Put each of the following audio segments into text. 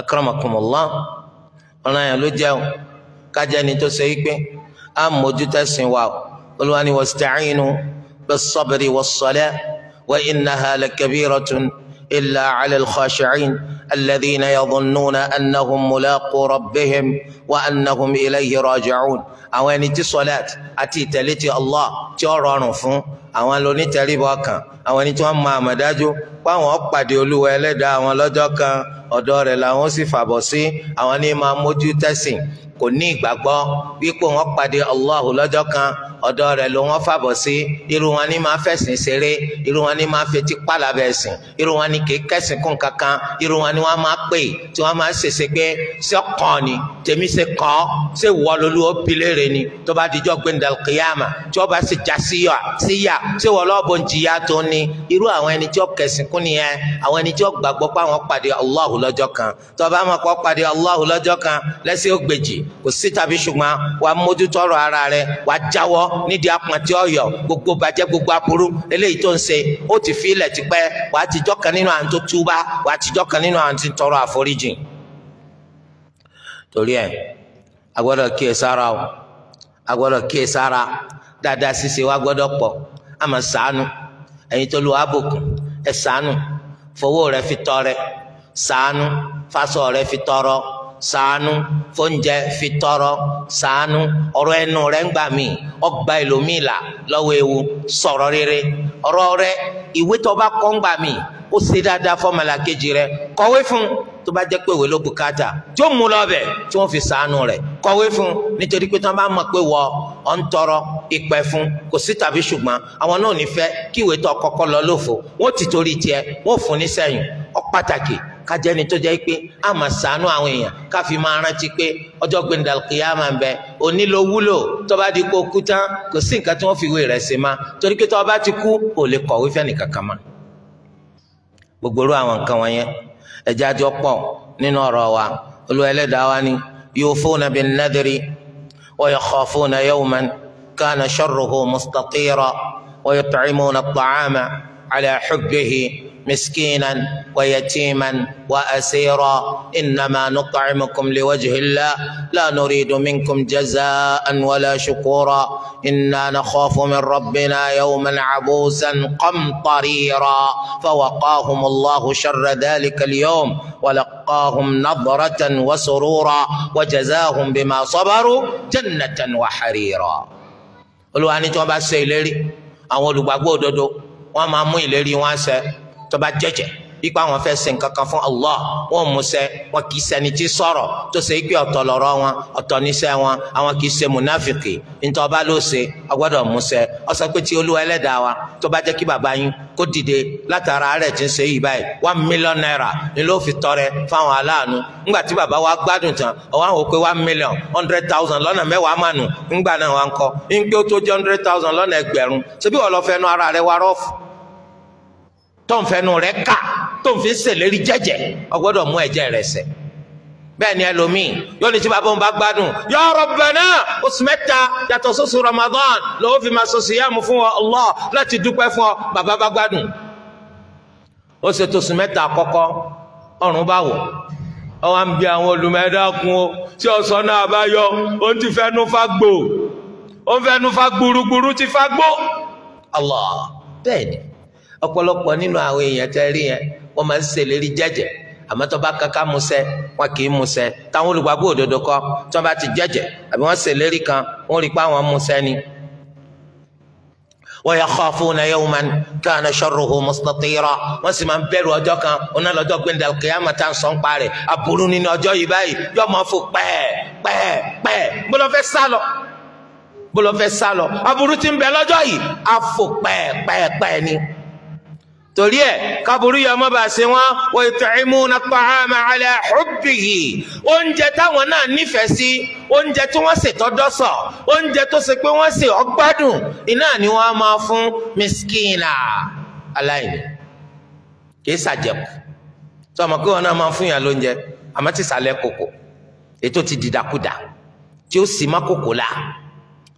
akramakumullah ọ̀ràn yẹn ló jẹ́ o kájẹ́ ni tó ṣe wípé a mójútó sìn wa o olúwa ni wasta'inu bis-sabri was-salah wa innaha lakabiratun illa 'ala al-khashi'in alladhina yadhunnuna annahum mulaqu rabbihim wa annahum ilayhi raji'un àwọn ẹni tí sọlẹ́t àti ìtẹ̀lé Allah tí ó rọrùn fún àwọn lonítẹríbọ kan àwọn ẹni tí wọ́n máa mọ̀ dájú pé àwọn pàdé olúwa ẹlẹ́dàá àwọn lọ́jọ́ kan ọ̀dọ̀ rẹ̀ làwọn sì fàbọ̀ sí àwọn ní máa mójú tẹ̀sìn kò ní ìgbàgbọ́ wípé wọ́n pàdé Allahu lọ́jọ́ kan ọ̀dọ̀ rẹ̀ ló wọ́n fàbọ̀ sí irú wọn ní máa fẹ̀sìn ṣeré irú wọn ní máa fetí pàlàbẹ̀ ẹ̀sìn irú wọn ní kì í kẹ́sìn kún kankan irú wọn ní wọ́n máa pè tí wọ́n máa ṣèṣe pé ṣé ni tèmi ṣe kàn ọ́ ṣé wọ́ lolú ó ni tó bá dijọ́ gbẹ̀ndàl tí wọ́n bá sì já síyà ṣé wọ́n lọ́bọ̀ ń jìyà tó ní irú àwọn ẹni tí ó kẹ̀sìn kún nìyẹn àwọn ẹni tí ó gbàgbọ́ pé àwọn pàdé Allahu lọ́jọ́ kan tó bá máa kọ́ pàdé Allahu lọ́jọ́ kan lẹ́sẹ̀ ògbèjì kò sí tàbí ṣùgbọ́n wàá mójútó ọ̀rọ̀ ara rẹ wàá jáwọ́ nídìí apọ̀ntì ọ̀yọ́ gbogbo bàjẹ́ gbogbo aburú eléyìí tó ń ṣe ó ti wa gbọ́dọ̀ pọ̀ ama sànù ẹ̀yin tó lu abòkùn ẹ sànù fowó rẹ fi tọrẹ sànù fásọ rẹ fi tọrọ sànù fóúnjẹ fi tọrọ sànù ọ̀rọ̀ ẹnu rẹ ń gbà mí ọgbà ẹlòmíì là lọ́wọ́ ewu sọ̀rọ̀ rere ọ̀rọ̀ rẹ ìwé tó bá kọ ń gbà mí ó ṣe dáadáa fọmọlá kejì rẹ kọ̀wé fún tó bá jẹ́ pé òwe ló bùkátà tí ó mú lọ bẹ tí wọ́n fi sànù rẹ kọ̀wé fún nítorí pé tí wọ́n bá mọ̀ pé wọ ọ̀ ń tọrọ ìpẹ́ fún kò sí tàbí ṣùgbọ́n àwọn náà ní fẹ́ kí ìwé tó kọ́kọ́ lọ lófo wọ́n ti torí tiẹ̀ wọ́n fún ní sẹ́yìn ó pàtàkì kájẹni tó jẹ́ pé a máa ṣàánú àwọn èèyàn káfi máa rántí pé ọjọ́ gbẹndàkìyà máa ń bẹ òní ló wúlò tó bá di kó kú tán kò sí nǹkan tí wọ́n fi wé rẹ̀ ṣe má torí pé tó bá ti kú ò lè kọ̀wé fẹ́nìkan kan mọ́. gbogbo àwọn nǹkan wọ̀nyẹn ẹ̀jẹ̀ àjọpọ̀ nínú ọ̀rọ̀ wa Olúwa ẹlẹ́dàá wa ni yufuna bin nadri. ويخافون يوما كان شره مستطيرا ويطعمون الطعام على حبه مسكينا ويتيما واسيرا انما نطعمكم لوجه الله لا نريد منكم جزاء ولا شكورا انا نخاف من ربنا يوما عبوسا قمطريرا فوقاهم الله شر ذلك اليوم ولقاهم نظره وسرورا وجزاهم بما صبروا جنه وحريرا قلوا ان توبا سيلري اولوا olùgbàgbọ́ دودو wọ́n máa mú ìlérí wọn ṣẹ tó bá jẹ́jẹ́ ikpe àwọn fẹ́ ṣe nǹkan fún Allah wọn mú wọn kì í ṣẹni tí tó ṣe ikpe ọtọ lọrọ wọn ọtọ níṣẹ́ wọn àwọn kì í ṣe munafiki ntọ́ bá ló ṣe ọgbọ́dọ̀ ọsọ pé tí olúwa ẹlẹ́dàá wa tó bá kí bàbá yín kó dìde látara naira ni ló fi tọrẹ fáwọn aláàánú tí bàbá wa gbádùn tán ọwọ́ àwọn one million hundred thousand lọ́nà mẹ́wàá náà wà ń kọ́ tó ń fẹnu rẹ̀ ká tó ń fi ṣèlérí jẹ́jẹ́ ó gbọ́dọ̀ mú ẹ̀jẹ̀ rẹ̀ ṣẹ bẹ́ẹ̀ ni ẹlòmíì yóò ní tí bàbá òun bá gbádùn ya Rabbana oṣù mẹ́ta yàtọ̀ sóṣù Ramadan lọ́wọ́ fi máa ṣoṣù yàmù fún ọ Allah láti dúpẹ́ fún ọ bàbá bá gbádùn ó ṣe tóṣù mẹ́ta àkọ́kọ́ ọ̀run bá wọ̀ ọwọ́ ń bí àwọn olùmẹ́dàkùn o tí ọ̀sán náà bá yọ ó ti fẹ́nu fagbó ó fẹ́nu fagbúrúgbúrú ti fagbó Allah bẹ́ẹ̀ ni ọ̀pọ̀lọpọ̀ nínú àwọn èèyàn tẹ́ rí yẹn wọ́n máa ń ṣèlérí jẹ́jẹ́ àmọ́ tó bá kankan musẹ́ wọn kì í musẹ́ táwọn olùgbàgbọ́ òdodo kọ́ tó bá ti jẹ́jẹ́ àbí wọ́n ṣèlérí kan wọ́n rí i pé àwọn musẹ́ ni. wa yakhafuna yawman kana sharruhu mustatira wọ́n sì máa ń bẹ̀rù ọjọ́ kan oná lọ́jọ́ gbẹ̀ndàl kìyàmà tá à ń sọ parẹ́ aburú nínú ọjọ́ yìí báyìí yọ máa fò pẹ́ẹ́ pẹ́ẹ́ pẹ́ẹ́ bọ́lọ́ fẹ́ sálọ bọ́lọ́ fẹ́ sálọ ni. torí ẹ̀ kaburú yọ ọmọ bá ṣe wọn na pa at-ta'ama ala hubbihi oúnjẹ táwọn náà nífẹ̀ẹ́ sí oúnjẹ tí wọ́n ṣe tọ́dọ́sọ̀ oúnjẹ tó ṣe pé wọ́n ṣe ọgbádùn iná ni wọ́n máa fún miskina aláìní kì í ṣàjẹkù tó ọmọ pé wọn náà máa fún yàn lóúnjẹ àmọ́ tí ìsàlẹ̀ kòkò ètò ti dìdàkudà tí ó sì má kòkò la.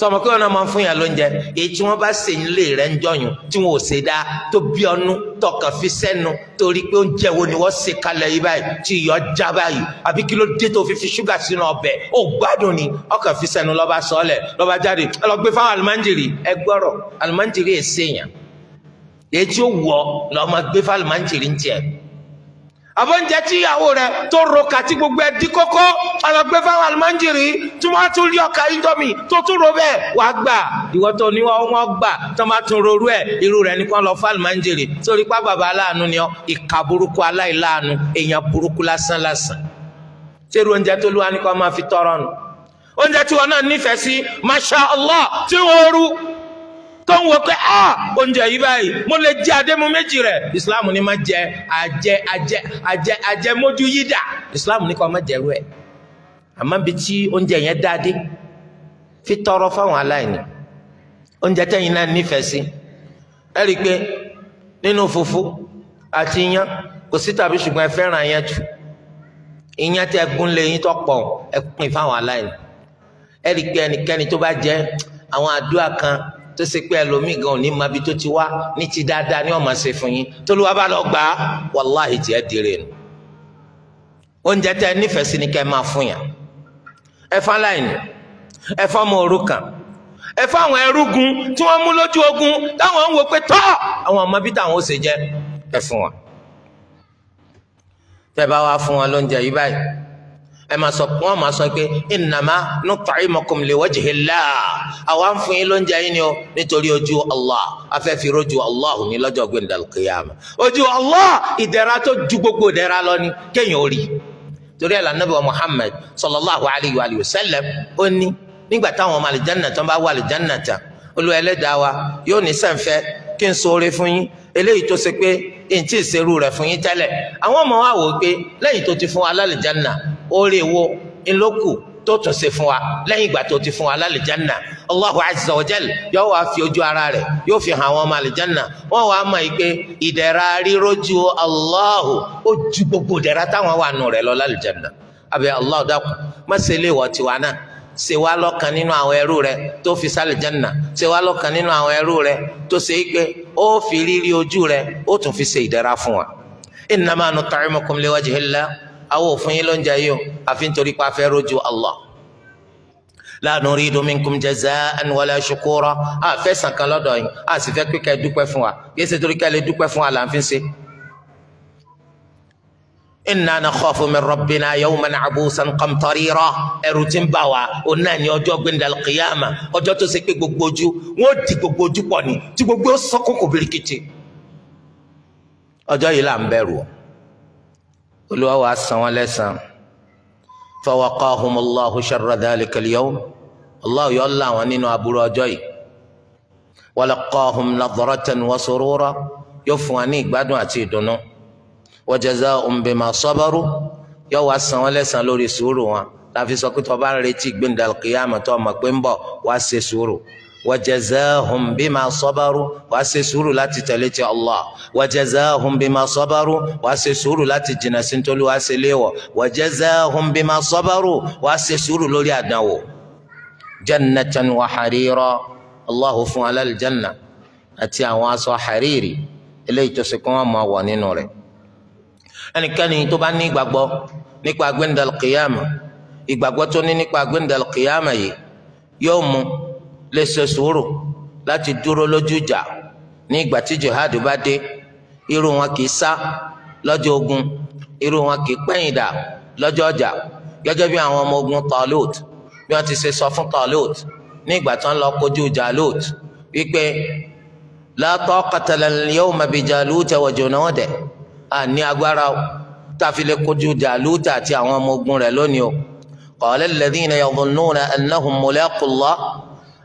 sọmọ kí wọn náà máa ń fún yàn lóúnjẹ èyí tí wọn bá sè nílé rẹ ń jọyún tí wọn ò sè dá tó bí ọnu tọkàn fi sẹ́nu torí pé oúnjẹ wo ni wọn sè kalẹ̀ yìí báyìí tí iyọ̀ já báyìí àbí kí ló dé tó fi fi ṣúgà sínú ọbẹ̀ ó gbádùn ni ọkàn fi sẹ́nu lọba sọọlẹ lọba jáde ẹ lọ gbé fáwọn alimanjiri ẹ gbọrọ alimanjiri èsèyàn èyí tí ó wọ lọọ gbé fáwọn alimanjiri ń jẹ àbọ̀njẹ tí ìyàwó rẹ tó ro kàtí gbogbo ẹ dí kókó ọlọgbẹ fáwọn alimọnjìrì tí wọn tún lé ọkà indomi tó tún ro bẹ́ẹ̀ wàá gbà ìwọ tó ní wọn gbà tó máa tún roru ẹ irú rẹ nìkan lọ fún alimọnjìrì torí pa bàbá aláàánú ni ọ ìka burúkú aláìláàánú èèyàn burúkú lásán lásán ṣerú oúnjẹ tó lúwa ní kó máa fi tọrọ nù oúnjẹ tí wọn náà nífẹ̀ẹ́ sí masha allah tí wọn rú tó ń wọ pé a ah, oúnjẹ yìí báyìí mo lè jẹ adému méjì rẹ̀ islam ní má jẹ ajẹ ajẹ ajẹ ajẹ mójú yídà islam ní kò má jẹrú ẹ àmọ́ bí tí oúnjẹ yẹn dáadé fi tọrọ fáwọn aláìní oúnjẹ tẹ̀yin náà nífẹ̀ẹ́ sí ẹ rí i pé nínú fufu àti iyán kò sí tàbí ṣùgbọ́n ẹ fẹ́ràn iyán jù iyán tẹ gúnlé yín tó pọ̀ ẹ pín fáwọn aláìní ẹ rí i pé ẹnikẹ́ni tó bá jẹ àwọn àdúrà kan tó ṣe pé ẹlòmíì gan ò ní mọ tó ti wá ní ti dáadáa ní ọmọ ṣe fún yín bá lọ gbà á wàláhì tiẹ̀ dèrè nù oúnjẹ tẹ nífẹ̀ẹ́ sí ni kẹ́ máa fún yàn efe fáláìní ẹ fọmọ efe ẹ fáwọn ẹrúgun tí wọ́n mú lójú ogun táwọn ń wo pé tọ́ àwọn ọmọ bí táwọn ó ṣe jẹ ẹ wọn tẹ bá fún wọn lóúnjẹ yìí báyìí. ẹ máa sọ wọn máa sọ pé innama nut'imukum liwajhillah àwa ń fún yín lóúnjẹ yín ni o nítorí ojú Allah afẹ́fẹ́ rojú Allah ní lọ́jọ́ gbẹ̀ndà kìyàmù ojú Allah ìdẹ̀ra tó ju gbogbo ìdẹ̀ra lọ ni kéèyàn ó rí torí ẹ̀ lànà bíi Muhammad sallallahu alayhi wa sallam ó ní nígbà táwọn ọmọ àlìjánà tán bá wà àlìjánà tán olú ẹlẹ́dàá wa yóò ní sẹ́ǹfẹ́ kí n ṣoore fún yín eléyìí tó ṣe pé èyí tí ì ṣerú rẹ̀ fún yín tẹ́lẹ̀ àwọn ọmọ wa wò ó pé lẹ́yìn tó ti fún wa oore wo ńlọkù tó tún ṣe fún wa lẹ́yìn ìgbà tó ti fún wa lálìjánà allahu azza wa jal yóò wá fi ojú ara rẹ̀ yóò fi hàn àwọn ọmọ àlìjánà wọ́n wàá mọ̀ yìí pé ìdẹ̀ra rírojú allahu ó ju gbogbo ìdẹ̀ra táwọn wà nù rẹ̀ lọ lálìjánà abẹ́ allah dákun má ṣe lè wọ̀ tiwa náà ṣe wá lọ́kan nínú àwọn ẹrú rẹ tó fi sálìjánà ṣe wá lọ́kan nínú àwọn ẹrú rẹ tó ṣe pé ó fi rírí ojú rẹ ó tún fi ṣe ìdẹ̀ra fún wa innama nut'imukum liwajhillah àwọn òfin yín ló ń jẹ yìí o àfi nítorí pé a fẹ́ rojú Allah la nuridu minkum jaza'an wala shukura a fẹ́ sàn kan lọ́dọ̀ yín a sì fẹ́ pé kẹ́ ẹ dúpẹ́ fún wa yéé ṣe torí kẹ́ ẹ lè dúpẹ́ fún wa là ń fi ṣe. inna nakhafu min rabbina yawman abusan qamtarira ẹ̀rù tí ń bà wá òun náà ní ọjọ́ gbẹ̀ndà kìyàmà ọjọ́ tó ṣe pé gbogbo ojú wọn ò gbogbo ojú pọ̀ ni tí gbogbo sọ́kòkò birikiti ọjọ́ yìí là ń o olúwa wa san wọn lẹ́san fawaqahumullahu sharra dhalikal yawm allah yóò là wọn nínú aburú ọjọ́ yìí walaqahum nadratan wa surura yóò fún wa ní ìgbádùn àti ìdùnnú wa jazaa'um bima sabaru yóò san wọn lẹ́san lórí sùúrù wọn láfi sọ pé tó bá retí gbẹndàlùkìyàmọ tó ọmọ pé ń bọ̀ wá ṣe sùúrù wajazahum bima sabaru wàá ṣe sùúrù láti tẹ̀lé ti Allah wajazahum bima sabaru wàá ṣe sùúrù láti jìnnà sí nítorí wàá ṣe léwọ̀ wajazahum bima sabaru wàá ṣe sùúrù lórí àdánwò jannatan wa harira Allahu fún alálìjanna àti àwọn aṣọ hariri eléyìí tó ṣe kí wọ́n máa wọ̀ nínú rẹ̀ ẹnikẹ́ni tó bá ní ìgbàgbọ́ nípa gbẹ̀ndàlùkìyàmù ìgbàgbọ́ tó ní nípa gbẹ̀ndàlùkìyàmù yìí yóò mú lè ṣe sùúrù láti dúró lójú ìjà ní ìgbà tí jihad bá dé irú wọn kì í sá lọ́jọ́ ogun irú wọn kì í pẹ̀yìn dà lọ́jọ́ ọjà gẹ́gẹ́ bí àwọn ọmọ ogun Talut bí wọ́n ti ṣe sọ fún Talut ní ìgbà tí wọ́n lọ kojú Jalut wípé la taqata lana al-yawma bi Jaluta wa junudih à ní agbára o tàfi lè kojú àti àwọn ọmọ ogun rẹ̀ lónìí o qala alladhina yadhunnuna annahum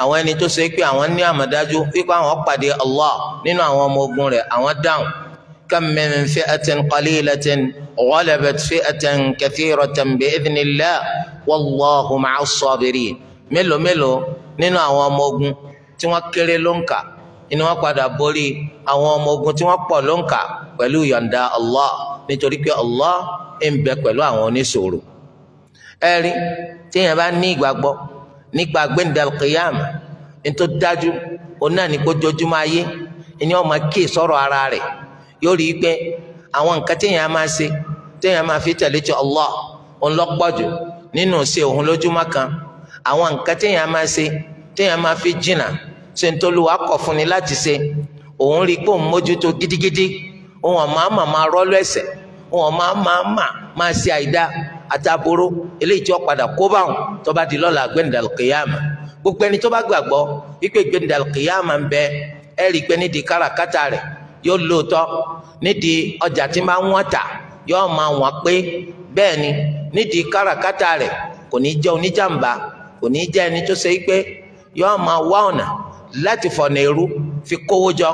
àwọn ẹni tó ṣe pé àwọn ní àmọ̀dájú wípé àwọn pàdé Allah nínú àwọn ọmọ ogun rẹ̀ àwọn dáhùn kam min fi'atin qalilatin ghalabat fi'atan kathiratan bi'idhnillah wallahu ma'as sabirin mélòó mélòó nínú àwọn ọmọ ogun tí wọ́n kéré ló ń kà ni wọ́n padà borí àwọn ọmọ ogun tí wọ́n pọ̀ ló ń kà pẹ̀lú yọ̀ǹda Allah nítorí pé Allah ń bẹ pẹ̀lú àwọn oníṣòro ẹ̀rí téèyàn bá ní ìgbàgbọ́ nígbà gbẹ̀ndàl kìyàm nítorí dájú òun náà ní gbójoojúmọ́ ayé ẹni ọmọ kíì sọ̀rọ̀ ara rẹ̀ yóò rí i pé àwọn nǹkan téèyàn máa ṣe téèyàn máa fi tẹ̀lé ti Allah òun nínú ṣe òun lójúmọ́ kan àwọn nǹkan téèyàn máa ṣe téèyàn máa fi jìnnà ṣe ń tolú wa fún ni láti ṣe òun rí i pé òun mójútó gidigidi òun ọ̀ máa mà máa rọ́lọ́ ẹ̀ṣẹ̀ òun ọ̀ máa máa máa ṣe àìdá àtàbúrú eléyìí tí wọ́n padà kó báwọn tó bá di lọ́la gbẹ̀ndàlù kìyàmà gbogbo ẹni tó bá gbàgbọ́ wípé gbẹ̀ndàlù kìyàmà ń bẹ ẹ pé nídìí káràkátà rẹ̀ yóò lóòótọ́ nídìí ọjà tí máa ń wọ́n tà yóò máa ni nídìí káràkátà rẹ̀ kò ní jẹ́ oníjàmbá kò ní jẹ́ ẹni tó ṣe pé yóò máa wá ọ̀nà fi kówó jọ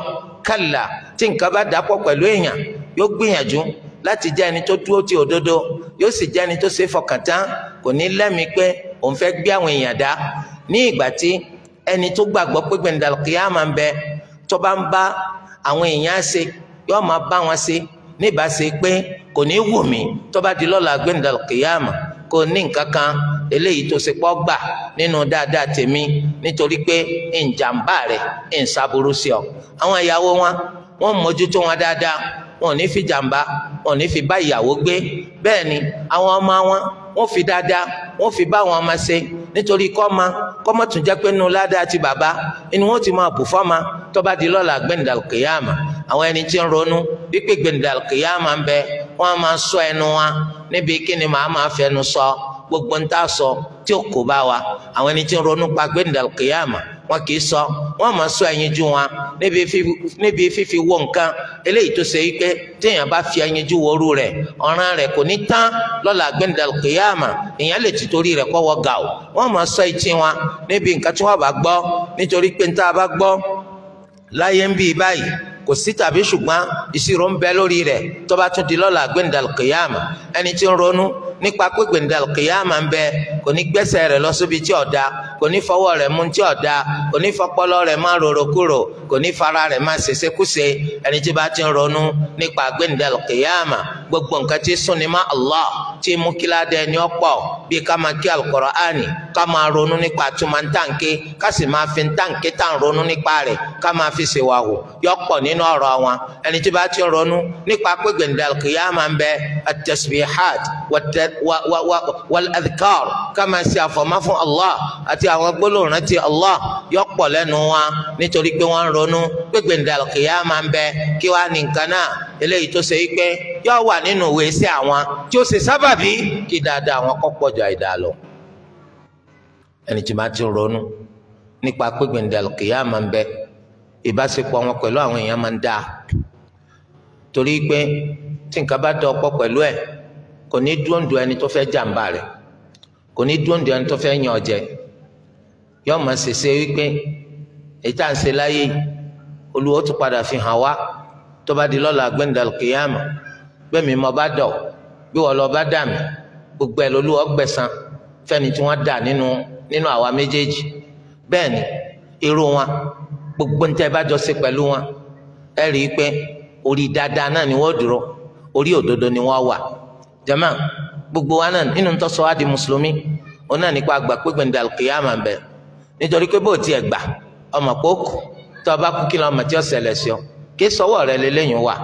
tí nǹkan bá dàpọ̀ pẹ̀lú èèyàn yóò gbìyànjú láti jẹ́ ẹni tó dúró ti òdodo yóò sì jẹ́ ẹni tó ṣe fọkàn tán kò ní lẹ́mìí pé òun fẹ́ gbé àwọn èèyàn dá ní ìgbà tí ẹni tó gbàgbọ́ pé gbẹ̀ndàkìyà máa ń bẹ tó bá ń bá àwọn èèyàn ṣe yóò máa bá wọn ṣe níbàṣe pé kò ní wù mí tó bá di lọ́la gbẹ̀ndàkìyà mà kò ní nǹkan kan eléyìí tó ṣe pọ́ gbà nínú dáadáa tèmi nítorí pé ìjàmbá rẹ̀ ń ṣàbùrú sí ọ àwọn ìyàwó wọn wọn dáadáa wọn ò ní fi jàǹbá wọn ò ní fi bá ìyàwó gbé bẹ́ẹ̀ ni àwọn ọmọ wọn wọ́n fi dáadáa wọ́n fi bá àwọn ọmọ ṣe nítorí kọ́ma kọ́ma tún jẹ́ pé nínú ládàá ti bàbá inú wọn ti máa bù fọ́ma tó bá di lọ́la gbẹ̀ndàlùkìyàmà àwọn ẹni tí ń ronú wípé gbẹ̀ndàlùkìyàmà ń bẹ wọ́n máa sọ ẹnu wa níbi kí ni màá máa fẹnu sọ gbogbo ń tà sọ tí ó kó bá wa àwọn ẹni tí ń ronú pa gbẹ̀ndàlùkìyàmà wọn kì í sọ wọn máa sọ ju wọn níbi fífi wo nǹkan eléyìí tó ṣe yí pé téèyàn bá fi ju woru rẹ ọ̀ràn rẹ kò ní tán lọ́la gbẹ̀ndàlù kìyàmà èèyàn lè ti torí rẹ̀ kọ́wọ́ gà wọn máa sọ wọn níbi nǹkan tí wọn bá nítorí pé bá láyé ń bí báyìí kò sí tàbí ìṣirò ń bẹ lórí tó bá tún di lọ́la ẹni tí ń ronú kò ní fọwọ́ rẹ̀ mú tí ọ̀dà kò ní fọpọlọ rẹ̀ má rorò kúrò kò ní fara rẹ̀ má ṣèṣekúṣe ẹni tí bá ti ń ronú nípa gbẹ̀ndẹ̀lù kìyàmà gbogbo nǹkan tí sunni ma allah tí mú kí ládàá ẹni ọ̀pọ̀ bí ká máa kí alukur'ani ká máa ronú nípa túmọ̀ ntànké ká sì máa fi ntànké tàn ronú nípa rẹ̀ ká máa fi ṣèwà wò yọ pọ̀ nínú ọ̀rọ̀ wọn ẹni tí bá ti ronú nípa pé gbẹ̀ndàkìyà máa ń bẹ at-tasbihat wal-adhkar ká máa ṣe àfọ̀mọ́ fún allah àti àwọn gbólóhùn rántí allah yọ pọ̀ lẹ́nu wọn nítorí pé wọ́n ronú pé gbẹ̀ndàkìyà ń bẹ kí wàá ní nǹkan náà eléyìí tó ṣe é pé yóò wà nínú ìwé iṣẹ́ àwọn tí ó ṣe sábàbí kí dáadáa àwọn kó pọ̀jù àìdáa lọ. ẹni tí máa ti ronú nípa pígbìndàlù kìí àmà ń bẹ ìbáṣepọ̀ wọn pẹ̀lú àwọn èèyàn máa ń dáa torí pé tí nǹkan bá dọ ọ̀pọ̀ pẹ̀lú ẹ̀ kò ní dúndùn ẹni tó fẹ́ jàǹbá rẹ̀ kò ní dúndùn ẹni tó fẹ́ yàn ọ̀jẹ̀ yóò máa ṣèṣe wípé èyí tá à ń ṣe láyé olùwọ́ tún padà fi hàn wá tó bá di lọ́la gbẹ̀ndàlù kìí àmà bẹ́ẹ̀mi mo bá dọ̀ bí wọ́n lọ bá dà mí gbogbo ẹ̀ lolúwa gbẹ̀san fẹ́ni tí wọ́n dà nínú nínú àwa méjèèjì bẹ́ẹ̀ ni irú wọn gbogbo ń tẹ́ bá jọ ṣe pẹ̀lú wọn ẹ rí i pé orí dáadáa náà ni wọ́n dúró orí òdodo ni wọ́n wà jama gbogbo wa náà nínú tó sọ wá di mùsùlùmí òun náà nípa àgbà pé gbẹ̀ndà kìyàmà bẹ̀ nítorí pé bó tiẹ̀ gbà ọmọ pé ó kù bá kú kí lọ́mọ tí ó ṣẹlẹ̀ sí ọ kí sọ́wọ́ rẹ lélẹ́yìn wà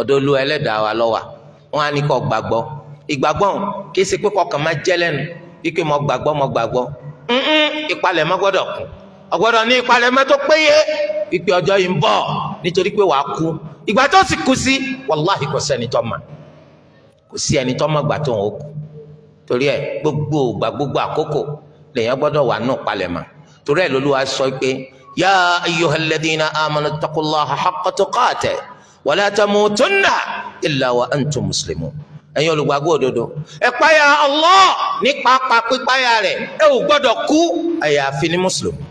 ọ̀dọ̀ Olúwa ẹlẹ́dàá wa ló wọn á ní kó gbàgbọ́ ìgbàgbọ́ kì í ṣe pé kọkàn máa jẹ́ lẹ́nu wípé mo gbàgbọ́ mo gbàgbọ́ nnún ìpalẹ̀mọ́ gbọ́dọ̀ kún ọ̀gbọ́dọ̀ ní ìpalẹ̀mọ́ tó péye wípé ọjọ́ yìí ń bọ̀ nítorí pé wàá kú ìgbà tó sì kú sí wàláhì kò sẹ́ni tó mọ̀ kò sí ẹni tó mọ̀ gbà tó ń kú torí ẹ gbogbo ìgbà gbogbo àkókò lèèyàn gbọ́dọ̀ wà nù palẹ̀mọ́ torí ẹ lÓlúwa sọ pé yá ayyuhalladhina amanu taqullaha haqqa wala tamutunna illa wa antum muslimun ẹ̀yin olùgbàgbọ́ òdodo ẹ páyà Allah nípa pípáyà rẹ̀ ẹ ò gbọ́dọ̀ kú àyàfi ní mùsùlùmí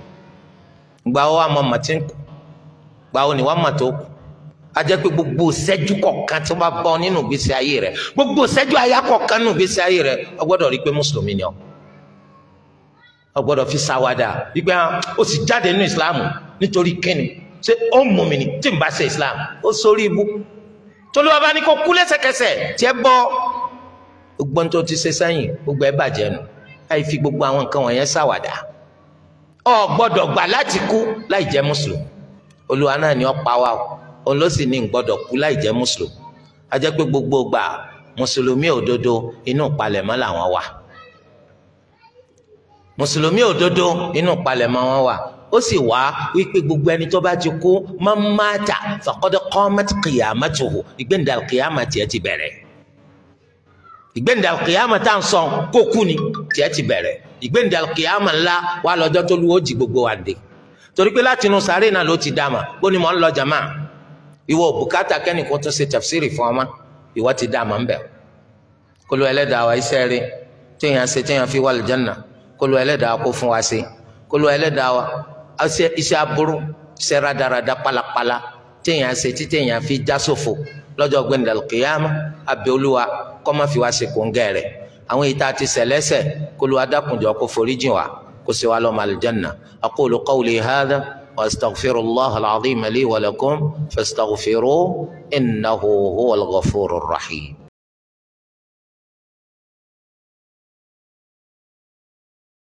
gbà ó wà mọ màtí ń kú gbà ó ní wà mà tó kú a jẹ́ pé gbogbo ṣẹ́jú kọ̀ọ̀kan tí wọ́n bá bọ́ nínú ìgbésí ayé rẹ̀ gbogbo ṣẹ́jú àyà kọ̀ọ̀kan nínú ìgbésí ayé rẹ̀ ọ gbọ́dọ̀ rí pé mùsùlùmí ni ọ ọ gbọ́dọ̀ fi ṣàwádà ìgbà ah, ó sì jáde nínú ìsìláàmù nítorí kíni ṣé ó mú mi ní tí n bá ṣe islam ó sórí ibú tolúwa bá ní kó kú lẹ́sẹ̀kẹsẹ̀ tiẹ́ bọ́ gbọ́n tó ti ṣe sẹ́yìn gbogbo ẹ̀ bàjẹ́ nu láì fi gbogbo àwọn nǹkan wọ̀nyẹn ṣàwàdà ọ gbọ́dọ̀ gbà láti kú láì jẹ́ mùsùlùmí olúwa náà ni ó pa wá o òun ló sì ní gbọ́dọ̀ kú láì jẹ́ mùsùlùmí a jẹ́ pé gbogbo gbà mùsùlùmí òdodo inú palẹ̀mọ́ làwọn wà mùsùlùmí òdodo inú palẹ̀mọ́ wọn wà ó sì wá wípé gbogbo ẹni tó bá ti kú máa ń máa tà fàkọ́dọ̀ kọ́mẹ́tì kìyàmá tó hù ìgbéǹda kìyàmá tiẹ̀ ti bẹ̀rẹ̀ ìgbéǹda kìyàmá tá à ń sọ kó kú ni tiẹ̀ ti bẹ̀rẹ̀ ìgbéǹda kìyàmá ńlá wà lọ́jọ́ tó lu ó jí gbogbo wa dé torí pé láti inú sàárè náà ló ti dá mà ó ní mọ̀ ń lọ jàmá ìwọ bùkátà kẹ́nìkan tó ṣe tafsiri fún ọmọ ìwọ ti dá mà ń bẹ̀ kólú ẹlẹ́dàá wa kólú ẹlẹ́dàá kó fún wa ṣe kólú ẹlẹ́dàá wa iṣẹ́ aburú iṣẹ́ radarada palapala téèyàn ṣe tí téèyàn fi já sófo lọ́jọ́ gbẹ̀ndà kìyàmá abẹ́ olúwa kó má fi wá ṣe kóńgẹ́ rẹ̀ àwọn èyí tá a ti ṣẹlẹ́ṣẹ̀ kó lu adákùnjọ kó foríjìn wa kó ṣe wa lọ́mọ àlùjánnà aqulu qawli hadha واستغفر الله العظيم لي ولكم فاستغفروه انه هو الغفور الرحيم